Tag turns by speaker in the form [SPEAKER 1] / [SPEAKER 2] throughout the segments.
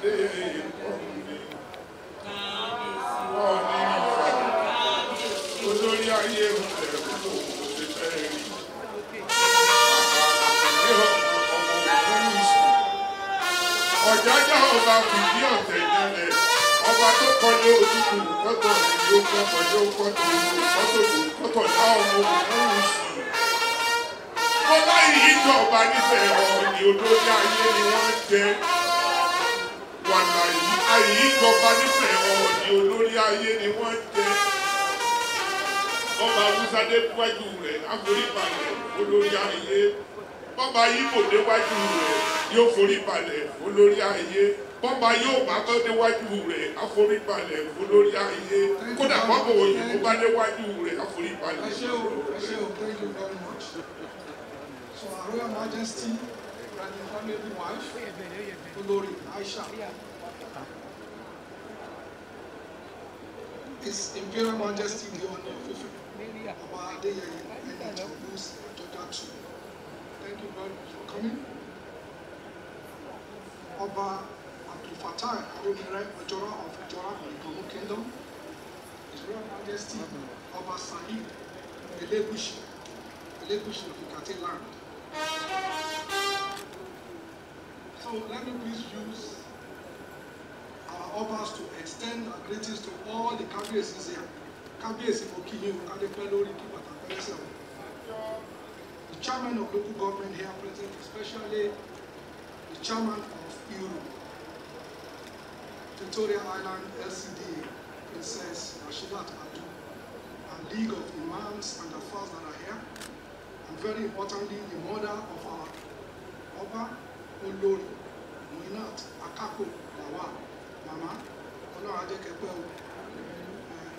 [SPEAKER 1] ọ̀jájá ọba fìdí ọ̀tẹ̀ jẹlẹ̀ ọba tó kọlé ojúkù kọ́tọ̀ ìlú kọ́tọ̀ ìlú kọ́tọ̀ ìlú kọ́tọ̀ ìlú kọ́tọ̀ láwọn ọmọ òun sùn.
[SPEAKER 2] bọ́lá yìí jọba nífẹ̀ẹ́ ọ̀ọ́nì olóyè ayé ni wọ́n jẹ́. wàlàyé àìyíjọba nífẹ̀ẹ́ ọ̀ọ́dì olórí ayé ni wọ́n jẹ́ bọ́ba balẹ̀ olórí ayé bọ́ba ibo déwájú rẹ̀ yóò forí balẹ̀ olórí ayé bọ́ba yóò bá tọ́ déwájú rẹ̀ aforí balẹ̀ olórí ayé kódà bọ́bọ̀ òyìnbó bá aforí balẹ̀. ọ̀gbẹ́ni honorable wise olórí aisha his imperial majesty the honor of ife ọba His ẹni tó lose ọjọjà thank you very much for coming ọba abdulfatai arúgbìnrin ọjọra of ìjọra ìgbọ̀nmú kingdom his royal majesty Oba saheed Elebushi, Elebushi of ikate land. So let me please use our offers to extend our greetings to all the kábíyèsí here. Kábíyèsí mo kí yín o, Kádépẹ́ lórí The chairman of local government here present, especially the chairman of Iru, Victoria Island LCDA, Princess Rashidat Adu, and League of Imams and the Fathers that are here, and very importantly, the mother of our offer olórin Muinat Akápò làwà màmá ọlọ́run ajẹ́kẹ́pẹ́ o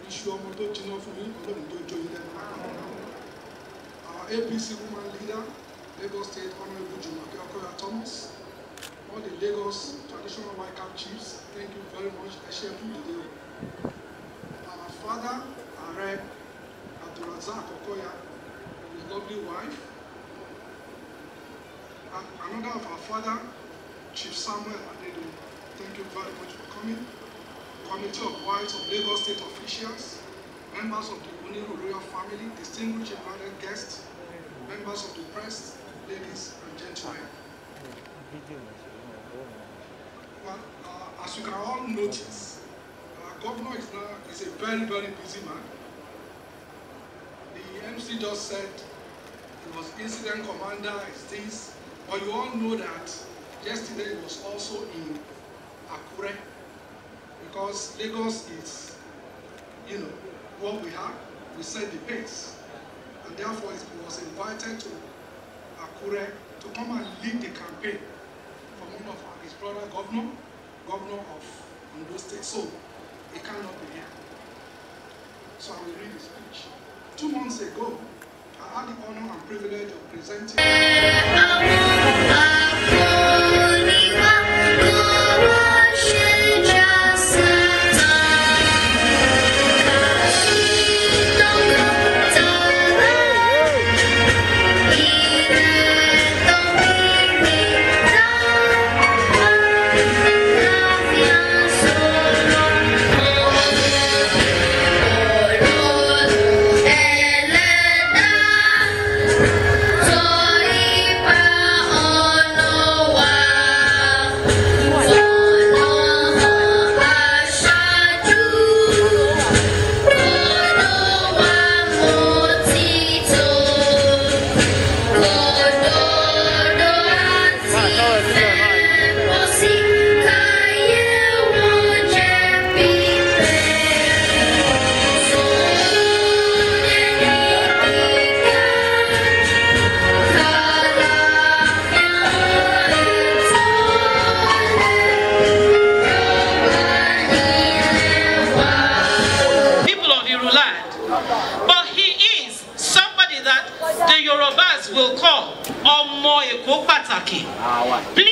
[SPEAKER 2] iṣu ọmọ tó jiná fún yín ọlọ́run tó jó ilẹ̀ our APC woman leader Lagos State Honourable Jumoke Okoya Thomas all the Lagos traditional white cap chiefs thank you very much ẹ ṣe fún ìdílé o our father ààrẹ Abdulrasaq Okoya his lovely wife another of our father, Chief Samuel Adedo. Thank you very much for coming. Committee of Wives of Lagos State officials, members of the Oniru royal family, distinguished invited guests, members of the press, ladies and gentlemen. Well, uh, as you can all notice, our uh, governor is, now, is a very, very busy man. The MC just said he was incident commander, is this, But you all know that yesterday was also in Akure because Lagos is, you know, what we have, we set the pace. And therefore it was invited to Akure to come and lead the campaign for one of his brother governor, governor of Ondo State. So he cannot be here. So I will read his speech. Two months ago, I had the honor and privilege
[SPEAKER 1] of presenting aqui. Ah, uai.